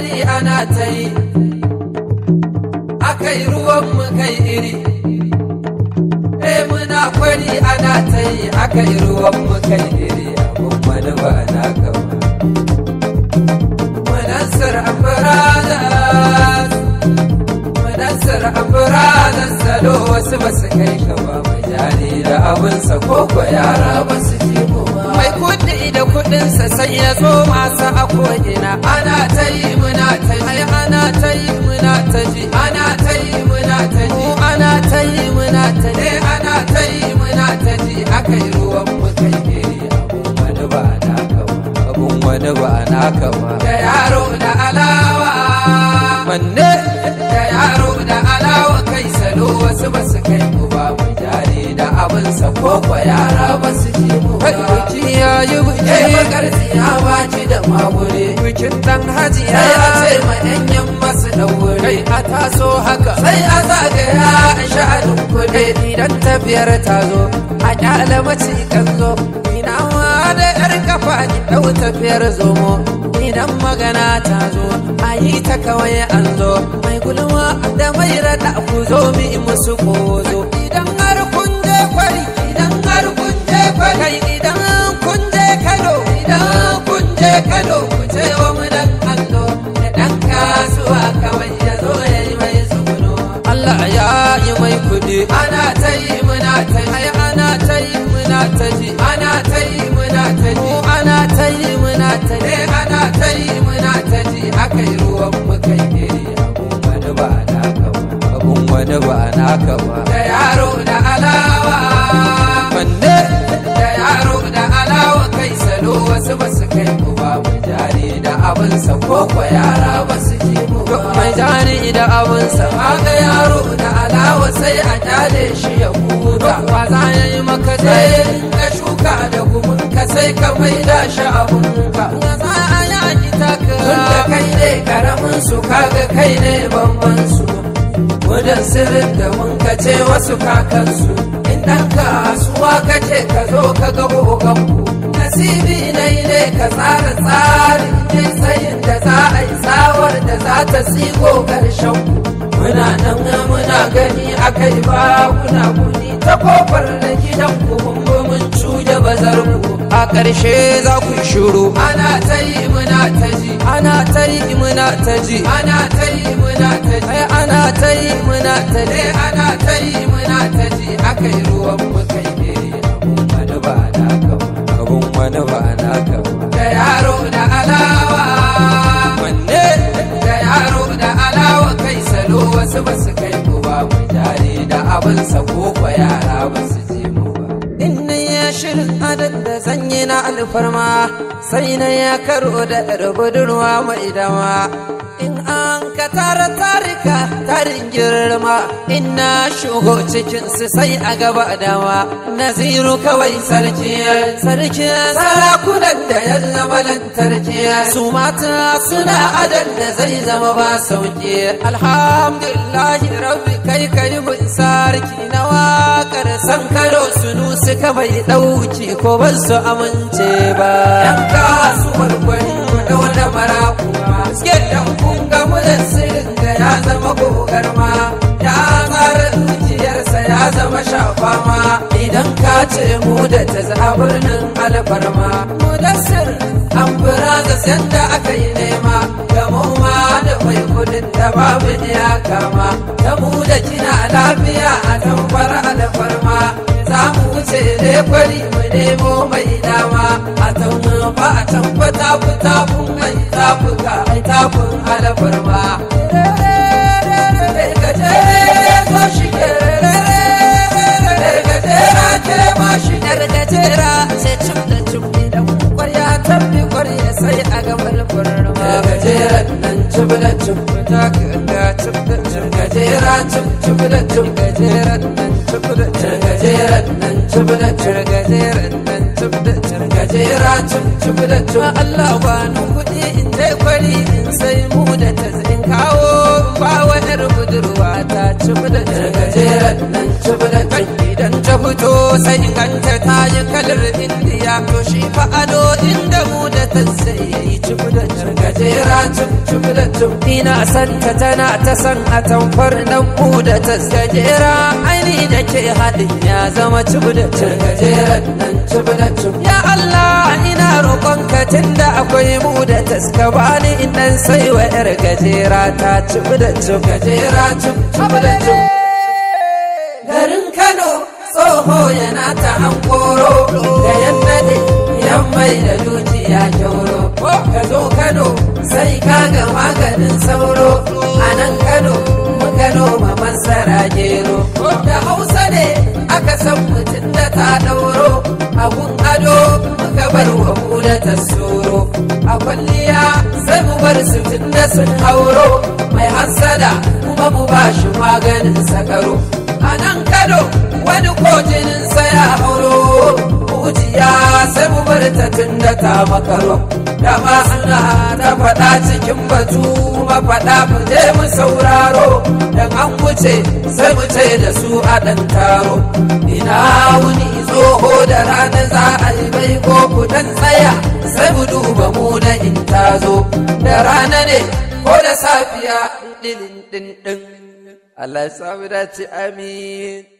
bari ana ta yi akai ruwan kai iri eh muna kwari ana ta yi akai ruwan kai iri abun malaba ana kama munansar abrazas munansar abrazas salo wasu ba su kai kama majani da abinsa koko yara ba su ji mu mai kudi da kudinsa sai ya zo masa a ko'ina ana ta yi wani ba naka kama. da yaro da alawa manne da yaro da alawa kai salo wasu ba su kai mu ba mu jare da abin sa ko yara ba su ji mu ba ki yayi kai magarziya ya ji da magure bikin dan hajiya ya ce ma yan yan masu daure kai a taso haka sai a zagaya a sha'anin kuɗi idan tafiyar ta zo a kyalamaci kan zo ina ma jar kafa ki ɗau tafiyar zomo idan magana ta zo a yi ta kawai an zo mai gulma da mai raɗa ku zo mi musu ko zo boko yara ba su ji mu ba mai jani da abunsa haka yaro da alawa sai a kyale shi ya kuka wa za ya yi maka zai ka shuka da gumin ka sai ka mai da shi abun ka ya za a yi a kita ka da kai ne karamin su kaga kai ne bamban su sirrin da mun ka ce wasu kakansu in ka asuwa ka ce ka zo ka ga gogon ku nasibi nai ne ka tsara tsarin yin sayin da za a yi tsawar da za ta sigo karshen muna nan muna gani a kai ba kuna kuni ta kofar na gidan ku mun cuja bazar ku a ƙarshe za ku shiru ana ta yi muna ta ji ana ta yi muna ta ji ana ta yi muna ta ji ana ta yi muna ta ji ana ta yi muna ta ji akai ruwan mutu yara ba su je mu ba inna ya shirin adad da zanyi na alfarma sai na ya karo da budurwa mai dama ka tara tarika tarin girma ina shugo cikin su sai a gaba dawa naziru kawai sarki sarki sarakunan da yan zama lantarki su mata suna adan da zai zama ba sauki alhamdulillahi rabbi kai kai mun sarki na wakar san karo sunu suka bai dauki ko ban su amince ba yan kasuwar gwani mu da ta zaha birnin alfarma mudassir an fura da sanda aka yi nema da mu ma da mai kudin da babu ya kama da mu da kina lafiya a tamfar alfarma za mu wuce da kwari mu nemo mai dama a tauna ba a tambata fita kun mai tafuka ai tafin alfarma gajera cip da cip nan da nan da nan da Allah ba kuɗi in je kwari in sai mu da ta in kawo ba wayar budurwa ta cip da nan da idan ta fito sai in ganta ta yi kalar indiya to shi fa inda mu da ta tum tum santa tana ta san a tamfar nan ku da ta gajera aini da ke haɗin ya zama cub da cub nan ya Allah ina roƙon ka da akwai mu da taska bani nan sai wa yar gajera ta cub da cub gajera cub da garin Kano tsoho yana ta hankoro da yamma da duki ya kyauro ka zo kano sai ka ga maganin sauro a nan kano kano ma masara gero da hausa ne aka san mutum da ta dauro abun ado muka bar wa hula ta soro a kwalliya sai mu bar su tun da sun hauro mai hassada kuma mu ba shi maganin sakaro a nan kano wani ko sa ya hauro zuciya sai mu bar ta tun da ta da ma suna da faɗa cikin batu mafaɗa mu je mu sauraro dan an wuce sai mu ce da su a ɗan taro ina wuni tsoho da rana za a yi bai ko ku dan tsaya sai mu duba mu na in tazo da rana ne ko da safiya din din din Allah ya dace amin